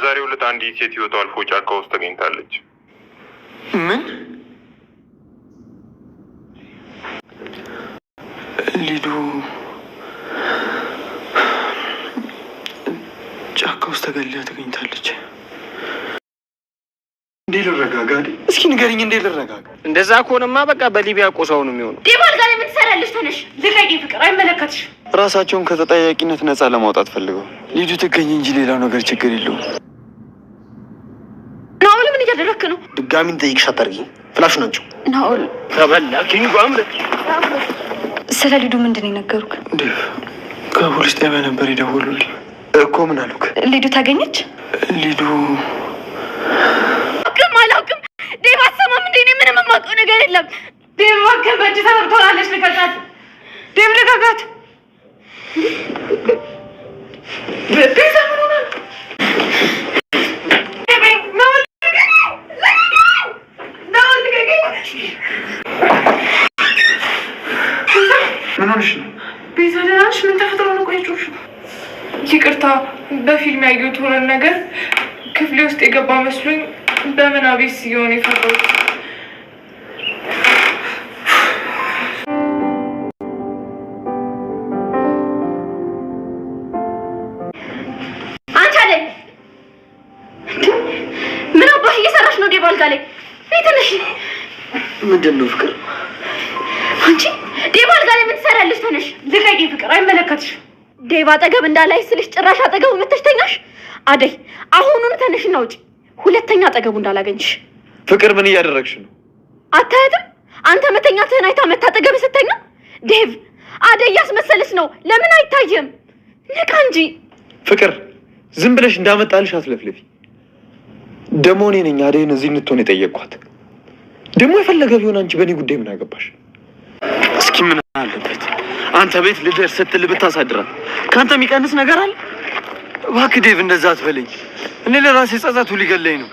በዛሬው ዕለት አንዲት ሴት ህይወቷ አልፎ ጫካ ውስጥ ተገኝታለች። ምን? ሊዱ ጫካ ውስጥ ተገላ ተገኝታለች። እንዴ ልረጋጋ? እስኪ ንገሪኝ፣ እንዴ ልረጋጋ? እንደዛ ከሆነማ በቃ በሊቢያ ቆሳው ነው የሚሆነው። ዲባል ጋር የምትሰራለች ተነሽ፣ ልቀቂ። ፍቅር አይመለከትሽ። ራሳቸውን ከተጠያቂነት ነፃ ለማውጣት ፈልገው ሊዱ ትገኝ እንጂ ሌላው ነገር ችግር የለውም። ድጋሚ እንጠይቅሽ አታርጊ። ፍላሹ ናቸው ናኦል ተበላኪኝ። ጓምረት ስለ ሊዱ ምንድን ነው የነገሩክ? ከፖሊስ ጣቢያ ነበር የደወሉልኝ እኮ። ምን አሉክ? ሊዱ ታገኘች? ሊዱ አላውቅም፣ አላውቅም። ዴቭ አትሰማም እንዴ? እኔ ምንም የማውቀው ነገር የለም። ዴቭ እባክህ በእጅ ተመርቶላለች። ልቀቃት ዴቭ፣ ልቀቃት። አቤት ሲሆን ነው? ዴባ አልጋ ላይ ትንሽ ምንድን ነው ፍቅር? አንቺ አልጋ ላይ ምን ተነሽ ልቀቂ። ፍቅር አይመለከትሽም። አጠገብ እንዳላይ ስልሽ ጭራሽ አጠገቡ መተሽ ተኛሽ። አደይ አሁኑኑ ተነሽና ውጪ ሁለተኛ አጠገቡ እንዳላገኝሽ። ፍቅር ምን እያደረግሽ ነው? አታያትም? አንተ መተኛትህን አይታ መታጠገብ ስተኛ ዴቭ፣ አደይ እያስመሰለች ነው። ለምን አይታየም? ንቃ እንጂ ፍቅር። ዝም ብለሽ እንዳመጣልሽ አትለፍልፊ። ደግሞ እኔ ነኝ አደይን እዚህ እንድትሆን የጠየቅኳት። ደግሞ የፈለገ ቢሆን አንቺ በእኔ ጉዳይ ምን አገባሽ? እስኪ ምን አለበት አንተ ቤት ልደርስ ስትል ብታሳድራት ከአንተ የሚቀንስ ነገር አለ? እባክህ ዴቭ፣ እንደዛ አትበለኝ። እኔ ለራሴ ጸጸቱ ሊገለኝ ነው።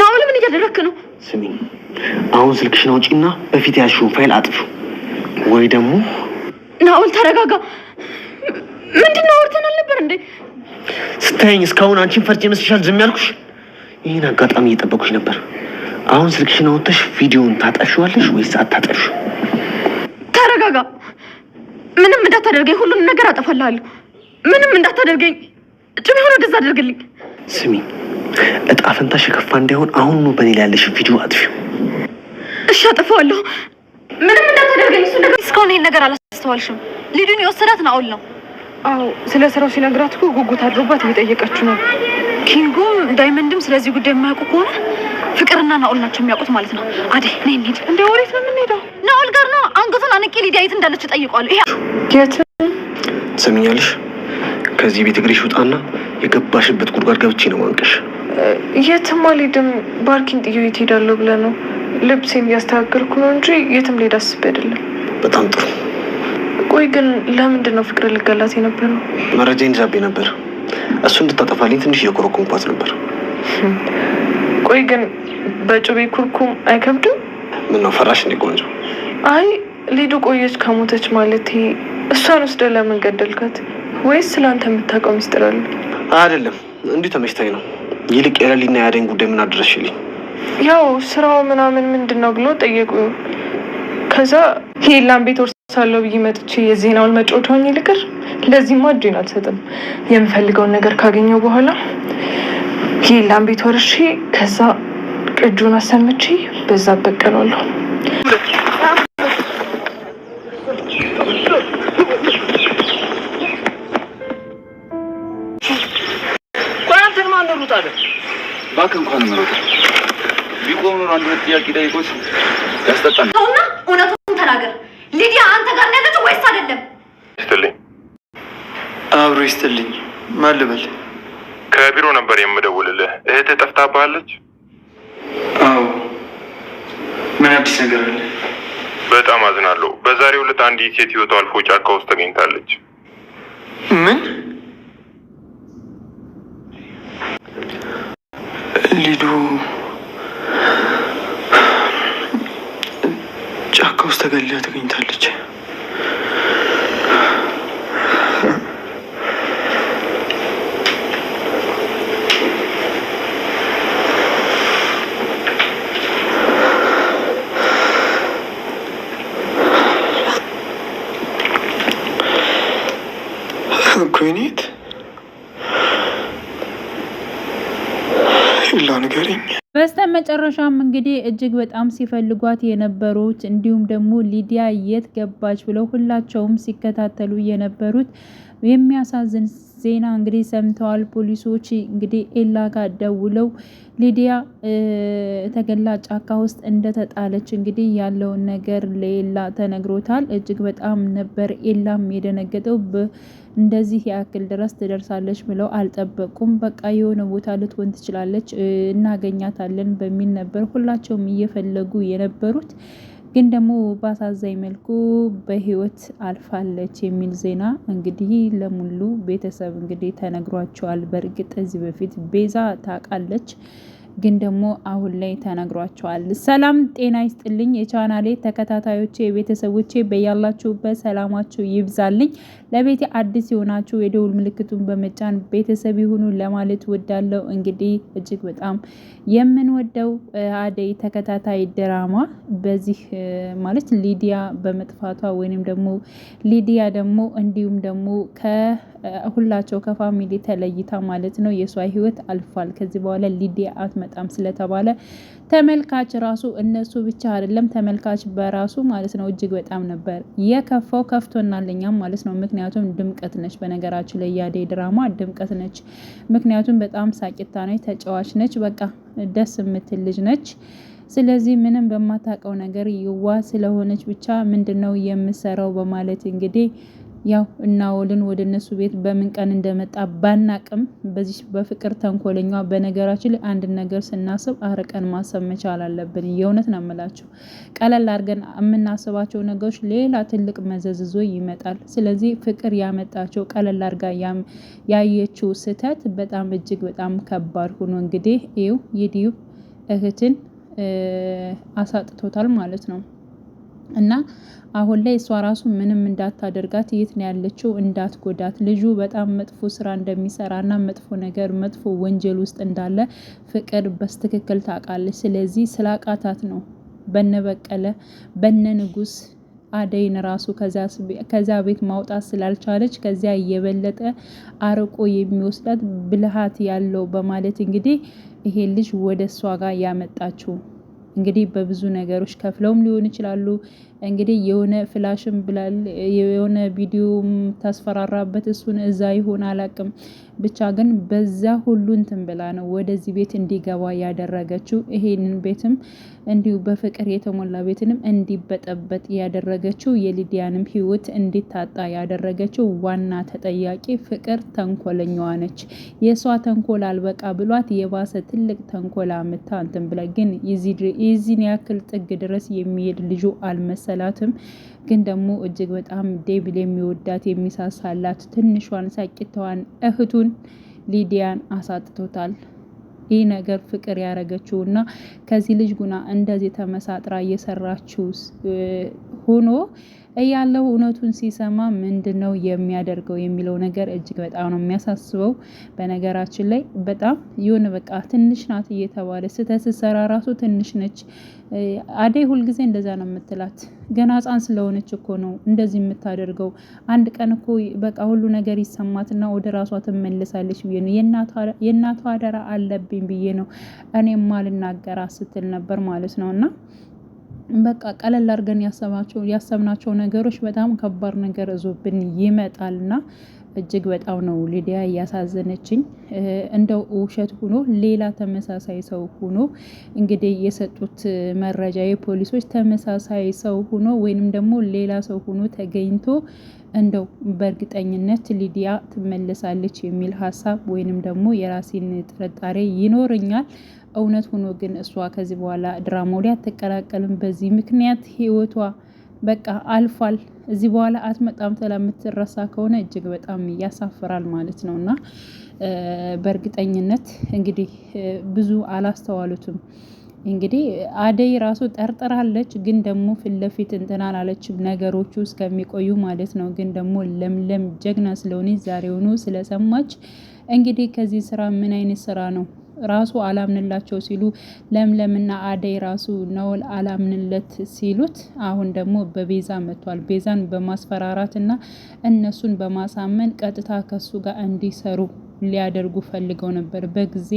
ናውል ምን እያደረክ ነው? ስሚ፣ አሁን ስልክሽን አውጪና በፊት ያልሽውን ፋይል አጥፊው ወይ ደግሞ ናውል ተረጋጋ። ምንድን ነው አውርተን አልነበር እንዴ? ስታየኝ እስካሁን አንቺን ፈርጅ ይመስልሻል? ዝም ያልኩሽ ይህን አጋጣሚ እየጠበኩሽ ነበር። አሁን ስልክሽን አውጥተሽ ቪዲዮውን ታጠርሽዋለሽ ወይስ አታጠርሽ? ተረጋጋ። ምንም እንዳታደርገኝ፣ ሁሉንም ነገር አጠፋልሃለሁ። ምንም እንዳታደርገኝ፣ ጭም የሆነ ወደዛ አደርግልኝ። ስሚ፣ እጣ ፈንታሽ የከፋ እንዳይሆን አሁኑ በኔ ላይ ያለሽ ቪዲዮ አጥፊው። እሺ፣ አጠፋዋለሁ። ምንም እንዳታደርገኝ። እሱ ነገር እስካሁን ይህን ነገር አላስተዋልሽም። ሊዱን የወሰዳት ናኦል ነው። አዎ፣ ስለ ስራው ሲነግራት እኮ ጉጉት አድሮባት እየጠየቀችው ነው። ኪንጎም ዳይመንድም ስለዚህ ጉዳይ የማያውቁ ከሆነ ፍቅርና ናኦል ናቸው የሚያውቁት ማለት ነው። አዴ ነይ እንሂድ። እንደ ወዴት ነው የምንሄደው? ናኦል ጋር ነው። አንገቱን አነቄ ሊዲያ የት እንዳለች እጠይቀዋለሁ። ይሄ የት ትሰሚኛለሽ? ከዚህ ቤት እግሬሽ ውጣና የገባሽበት ጉድጓድ ገብቼ ነው አንቀሽ። የትም አልሄድም። ባርኪን ጥዬ የት እሄዳለሁ ብለህ ነው? ልብሴን እያስተካከልኩ ነው እንጂ የትም ልሄድ አስቤ አይደለም። በጣም ጥሩ። ቆይ ግን ለምንድን ነው ፍቅር ልገላት የነበረው? መረጃ ይንዛቤ ነበር። እሱ እንድታጠፋልኝ ትንሽ እየኮረኮምኳት ነበር። ቆይ ግን በጩቤ ኩርኩም አይከብድም? ነው ፈራሽ እንዴ ቆንጆ? አይ ሊዱ ቆየች ከሞተች ማለት እሷን ውስደ ለምን ገደልካት? ወይስ ስለአንተ የምታውቀው ሚስጥር አለ? አይደለም እንዲሁ ተመችታኝ ነው። ይልቅ የለሊና የአደኝ ጉዳይ ምን አደረሽልኝ? ያው ስራው ምናምን ምንድን ነው ብሎ ጠየቁ። ከዛ ሄላን ቤት ወርሳለሁ ብዬ መጥቼ የዜናውን መጫወቻውን ይልቅር ለዚህማ እጄን አልሰጥም። የምፈልገውን ነገር ካገኘው በኋላ ሄላን ቤት ወርሼ ከዛ እጁን አሰምቼ በዛ በቀላለሁ። እባክህ እንኳን ምሮት ቢቆም አንድ ጥያቄ ያስጠጣል። እውነቱን ተናገር። ሊዲያ አንተ ጋር ወይስ አይደለም? ይስጥልኝ። አብሮ ይስጥልኝ። ማን ልበል? ከቢሮ ነበር የምደውልልህ። እህትህ ጠፍታባለች አዎ ምን አዲስ ነገር አለ? በጣም አዝናለሁ። በዛሬው ዕለት አንዲት ሴት ህይወቷ አልፎ ጫካ ውስጥ ተገኝታለች። ምን ሊዱ ጫካ ውስጥ ተገላ ተገኝታለች? ኩኒት ላ ንገሪኝ። በስተ መጨረሻም እንግዲህ እጅግ በጣም ሲፈልጓት የነበሩት እንዲሁም ደግሞ ሊዲያ የት ገባች ብለው ሁላቸውም ሲከታተሉ የነበሩት የሚያሳዝን ዜና እንግዲህ ሰምተዋል። ፖሊሶች እንግዲህ ኤላ ጋር ደውለው ሊዲያ ተገላ ጫካ ውስጥ እንደተጣለች እንግዲህ ያለውን ነገር ለኤላ ተነግሮታል። እጅግ በጣም ነበር ኤላም የደነገጠው። እንደዚህ ያክል ድረስ ትደርሳለች ብለው አልጠበቁም። በቃ የሆነ ቦታ ልትሆን ትችላለች፣ እናገኛታለን በሚል ነበር ሁላቸውም እየፈለጉ የነበሩት። ግን ደግሞ በአሳዛኝ መልኩ በህይወት አልፋለች የሚል ዜና እንግዲህ ለሙሉ ቤተሰብ እንግዲህ ተነግሯቸዋል። በእርግጥ እዚህ በፊት ቤዛ ታውቃለች። ግን ደግሞ አሁን ላይ ተነግሯቸዋል። ሰላም ጤና ይስጥልኝ የቻናሌ ተከታታዮቼ የቤተሰቦቼ በያላችሁበት ሰላማችሁ ይብዛልኝ። ለቤቴ አዲስ የሆናችሁ የደውል ምልክቱን በመጫን ቤተሰብ ይሁኑ ለማለት ወዳለው እንግዲህ እጅግ በጣም የምንወደው አደይ ተከታታይ ድራማ በዚህ ማለት ሊዲያ በመጥፋቷ ወይንም ደግሞ ሊዲያ ደግሞ እንዲሁም ደግሞ ከሁላቸው ከፋሚሊ ተለይታ ማለት ነው የእሷ ህይወት አልፏል። ከዚህ በኋላ ሊዲያ አት። አትመጣም ስለተባለ ተመልካች ራሱ እነሱ ብቻ አይደለም ተመልካች በራሱ ማለት ነው እጅግ በጣም ነበር የከፋው። ከፍቶናል እኛም ማለት ነው። ምክንያቱም ድምቀት ነች። በነገራችን ላይ ያዴ ድራማ ድምቀት ነች። ምክንያቱም በጣም ሳቂታ ነች፣ ተጫዋች ነች፣ በቃ ደስ የምትል ልጅ ነች። ስለዚህ ምንም በማታውቀው ነገር ይዋ ስለሆነች ብቻ ምንድን ነው የምሰራው በማለት እንግዲህ ያው እናወልን ወደ እነሱ ቤት በምን ቀን እንደመጣ ባናቅም በዚህ በፍቅር ተንኮለኛ በነገራችን ላይ አንድ ነገር ስናስብ አርቀን ማሰብ መቻል አለብን። የእውነት ነው የምላቸው። ቀለል አድርገን የምናስባቸው ነገሮች ሌላ ትልቅ መዘዝ ይዞ ይመጣል። ስለዚህ ፍቅር ያመጣቸው ቀለል አድርጋ ያየችው ስህተት በጣም እጅግ በጣም ከባድ ሆኖ እንግዲህ ይው የዲዩብ እህትን አሳጥቶታል ማለት ነው። እና አሁን ላይ እሷ ራሱ ምንም እንዳታደርጋት የት ነው ያለችው? እንዳትጎዳት ልጁ በጣም መጥፎ ስራ እንደሚሰራና መጥፎ ነገር መጥፎ ወንጀል ውስጥ እንዳለ ፍቅር በስትክክል ታውቃለች። ስለዚህ ስላቃታት ነው በነበቀለ በነ ንጉስ አደይን ራሱ ከዚያ ቤት ማውጣት ስላልቻለች ከዚያ የበለጠ አርቆ የሚወስዳት ብልሃት ያለው በማለት እንግዲህ ይሄ ልጅ ወደ እሷ ጋር ያመጣችው እንግዲህ በብዙ ነገሮች ከፍለውም ሊሆን ይችላሉ። እንግዲህ የሆነ ፍላሽም ብላል የሆነ ቪዲዮ ታስፈራራበት እሱን እዛ ይሆን አላቅም። ብቻ ግን በዛ ሁሉ እንትን ብላ ነው ወደዚህ ቤት እንዲገባ ያደረገችው። ይሄንን ቤትም እንዲሁ በፍቅር የተሞላ ቤትንም እንዲበጠበጥ ያደረገችው የሊዲያንም ህይወት እንዲታጣ ያደረገችው ዋና ተጠያቂ ፍቅር ተንኮለኛዋ ነች። የእሷ ተንኮል አልበቃ ብሏት የባሰ ትልቅ ተንኮል አምታ እንትን ብላ ግን የዚህን ያክል ጥግ ድረስ የሚሄድ ልጁ አልመሰላትም። ግን ደግሞ እጅግ በጣም ዴቪል የሚወዳት የሚሳሳላት ትንሿን ሳቂተዋን እህቱን ሊዲያን አሳጥቶታል። ይህ ነገር ፍቅር ያደረገችው እና ከዚህ ልጅ ጉና እንደዚህ ተመሳጥራ እየሰራችው ሆኖ እያለው እውነቱን ሲሰማ ምንድን ነው የሚያደርገው የሚለው ነገር እጅግ በጣም ነው የሚያሳስበው። በነገራችን ላይ በጣም ይሁን በቃ ትንሽ ናት እየተባለ ስህተት ስትሰራ ራሱ ትንሽ ነች። አደይ ሁልጊዜ እንደዛ ነው የምትላት። ገና ሕፃን ስለሆነች እኮ ነው እንደዚህ የምታደርገው። አንድ ቀን እኮ በቃ ሁሉ ነገር ይሰማትና ወደ ራሷ ትመልሳለች ብዬ ነው የእናቷ አደራ አለብኝ ብዬ ነው እኔም አልናገራ ስትል ነበር ማለት ነው እና በቃ ቀለል አድርገን ያሰብናቸው ነገሮች በጣም ከባድ ነገር እዞብን ይመጣልና እጅግ በጣም ነው ሊዲያ እያሳዘነችኝ። እንደው ውሸት ሁኖ ሌላ ተመሳሳይ ሰው ሆኖ እንግዲህ የሰጡት መረጃ የፖሊሶች ተመሳሳይ ሰው ሁኖ ወይንም ደግሞ ሌላ ሰው ሁኖ ተገኝቶ እንደው በእርግጠኝነት ሊዲያ ትመለሳለች የሚል ሀሳብ ወይንም ደግሞ የራሴን ጥርጣሬ ይኖረኛል። እውነት ሆኖ ግን እሷ ከዚህ በኋላ ድራማው ላይ አትቀላቀልም። በዚህ ምክንያት ህይወቷ በቃ አልፏል። እዚህ በኋላ አትመጣም ተላ የምትረሳ ከሆነ እጅግ በጣም ያሳፍራል ማለት ነው። እና በእርግጠኝነት እንግዲህ ብዙ አላስተዋሉትም። እንግዲህ አደይ ራሱ ጠርጥራለች፣ ግን ደግሞ ፊት ለፊት እንትን ነገሮቹ እስከሚቆዩ ማለት ነው። ግን ደግሞ ለምለም ጀግና ስለሆነች ዛሬውኑ ስለሰማች እንግዲህ ከዚህ ስራ ምን አይነት ስራ ነው ራሱ አላምንላቸው ሲሉ ለምለምና አደይ ራሱ ነውል አላምንለት ሲሉት፣ አሁን ደግሞ በቤዛ መጥቷል። ቤዛን በማስፈራራትና እነሱን በማሳመን ቀጥታ ከሱ ጋር እንዲሰሩ ሊያደርጉ ፈልገው ነበር። በጊዜ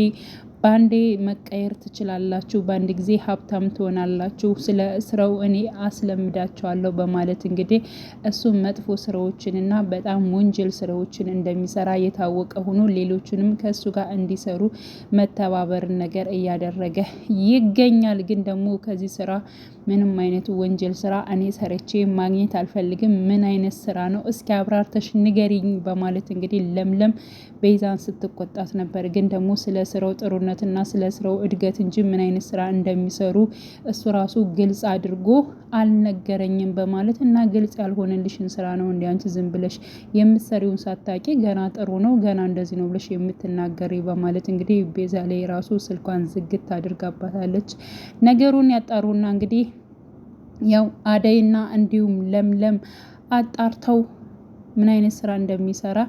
በአንዴ መቀየር ትችላላችሁ፣ በአንድ ጊዜ ሀብታም ትሆናላችሁ፣ ስለ ስራው እኔ አስለምዳቸዋለሁ በማለት እንግዲህ እሱም መጥፎ ስራዎችን እና በጣም ወንጀል ስራዎችን እንደሚሰራ የታወቀ ሆኖ ሌሎችንም ከእሱ ጋር እንዲሰሩ መተባበር ነገር እያደረገ ይገኛል። ግን ደግሞ ከዚህ ስራ ምንም አይነት ወንጀል ስራ እኔ ሰርቼ ማግኘት አልፈልግም። ምን አይነት ስራ ነው እስኪ አብራርተሽ ንገሪኝ በማለት እንግዲህ ለምለም ቤዛን ስትቆጣት ነበር። ግን ደግሞ ስለ ስራው ጥሩነት ጥራትና ስለ ስራው እድገት እንጂ ምን አይነት ስራ እንደሚሰሩ እሱ ራሱ ግልጽ አድርጎ አልነገረኝም በማለት እና ግልጽ ያልሆነልሽን ስራ ነው እንዲ አንቺ ዝም ብለሽ የምትሰሪውን ሳታቂ ገና ጥሩ ነው ገና እንደዚህ ነው ብለሽ የምትናገሪ በማለት እንግዲህ ቤዛ ላይ ራሱ ስልኳን ዝግት አድርጋባታለች። ነገሩን ያጣሩና እንግዲህ ያው አደይና እንዲሁም ለምለም አጣርተው ምን አይነት ስራ እንደሚሰራ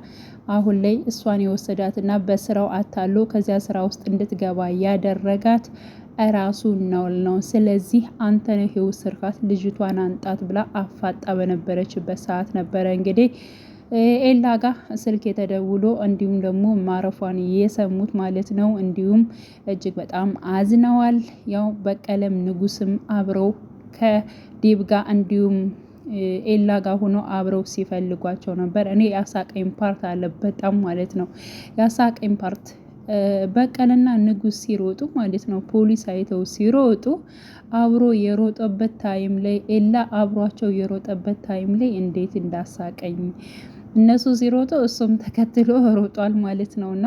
አሁን ላይ እሷን የወሰዳትና በስራው አታሎ ከዚያ ስራ ውስጥ እንድትገባ ያደረጋት እራሱ ነውል ነው። ስለዚህ አንተ ነህ ስርካት ልጅቷን አንጣት ብላ አፋጣ በነበረችበት ሰዓት ነበረ እንግዲህ ኤላ ጋ ስልክ የተደውሎ እንዲሁም ደግሞ ማረፏን የሰሙት ማለት ነው። እንዲሁም እጅግ በጣም አዝነዋል። ያው በቀለም ንጉስም አብረው ከዲብ ጋር እንዲሁም ኤላ ጋር ሆኖ አብረው ሲፈልጓቸው ነበር። እኔ የአሳቀኝ ፓርት አለ በጣም ማለት ነው የአሳቀኝ ፓርት በቀልና ንጉስ ሲሮጡ ማለት ነው ፖሊስ አይተው ሲሮጡ አብሮ የሮጠበት ታይም ላይ ኤላ አብሯቸው የሮጠበት ታይም ላይ እንዴት እንዳሳቀኝ እነሱ ሲሮጡ እሱም ተከትሎ ሮጧል ማለት ነውና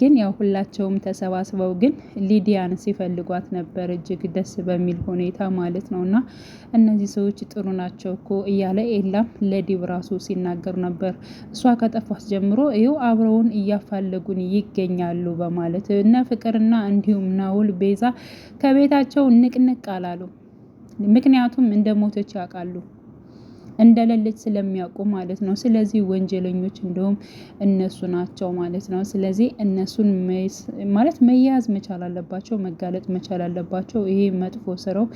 ግን ያው ሁላቸውም ተሰባስበው ግን ሊዲያን ሲፈልጓት ነበር እጅግ ደስ በሚል ሁኔታ ማለት ነው። እና እነዚህ ሰዎች ጥሩ ናቸው እኮ እያለ ኤላም ለዲብ ራሱ ሲናገር ነበር። እሷ ከጠፋት ጀምሮ ይኸው አብረውን እያፋለጉን ይገኛሉ በማለት እነ ፍቅርና እንዲሁም ናውል ቤዛ ከቤታቸው ንቅንቅ አላሉ። ምክንያቱም እንደሞቶች ያውቃሉ። እንደሌለች ስለሚያውቁ ማለት ነው። ስለዚህ ወንጀለኞች እንደውም እነሱ ናቸው ማለት ነው። ስለዚህ እነሱን ማለት መያዝ መቻል አለባቸው፣ መጋለጥ መቻል አለባቸው። ይሄ መጥፎ ስራው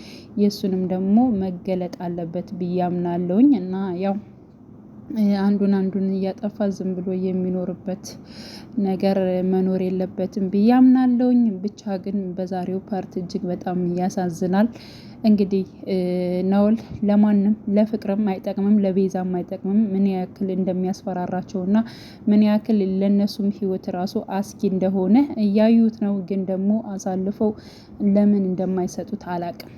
የእሱንም ደግሞ መገለጥ አለበት ብዬ አምናለሁኝ እና ያው አንዱን አንዱን እያጠፋ ዝም ብሎ የሚኖርበት ነገር መኖር የለበትም ብዬ ብቻ ግን በዛሬው ፓርት እጅግ በጣም ያሳዝናል። እንግዲህ ነውል ለማንም ለፍቅርም አይጠቅምም፣ ለቤዛም አይጠቅምም። ምን ያክል እንደሚያስፈራራቸው ና ምን ያክል ለነሱም ህይወት ራሱ አስጊ እንደሆነ እያዩት ነው። ግን ደግሞ አሳልፈው ለምን እንደማይሰጡት አላቅም።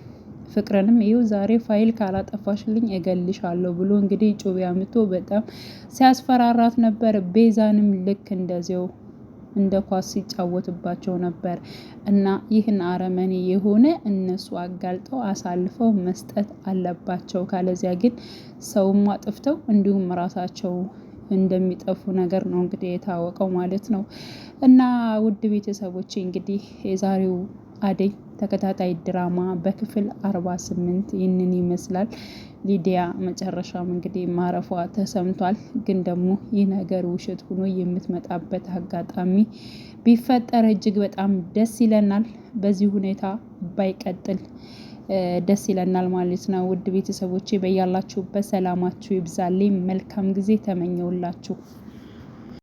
ፍቅርንም ይኸው ዛሬ ፋይል ካላጠፋሽልኝ እገልሻለሁ ብሎ እንግዲህ ጩቤ አምቶ በጣም ሲያስፈራራት ነበር። ቤዛንም ልክ እንደዚው እንደ ኳስ ሲጫወትባቸው ነበር እና ይህን አረመኔ የሆነ እነሱ አጋልጠው አሳልፈው መስጠት አለባቸው። ካለዚያ ግን ሰውም አጥፍተው እንዲሁም ራሳቸው እንደሚጠፉ ነገር ነው እንግዲህ የታወቀው ማለት ነው። እና ውድ ቤተሰቦች እንግዲህ የዛሬው አደይ ተከታታይ ድራማ በክፍል 48 ይህንን ይመስላል። ሊዲያ መጨረሻም እንግዲህ ማረፏ ተሰምቷል። ግን ደግሞ ይህ ነገር ውሸት ሆኖ የምትመጣበት አጋጣሚ ቢፈጠር እጅግ በጣም ደስ ይለናል። በዚህ ሁኔታ ባይቀጥል ደስ ይለናል ማለት ነው። ውድ ቤተሰቦቼ በያላችሁበት ሰላማችሁ ይብዛልኝ። መልካም ጊዜ ተመኘውላችሁ።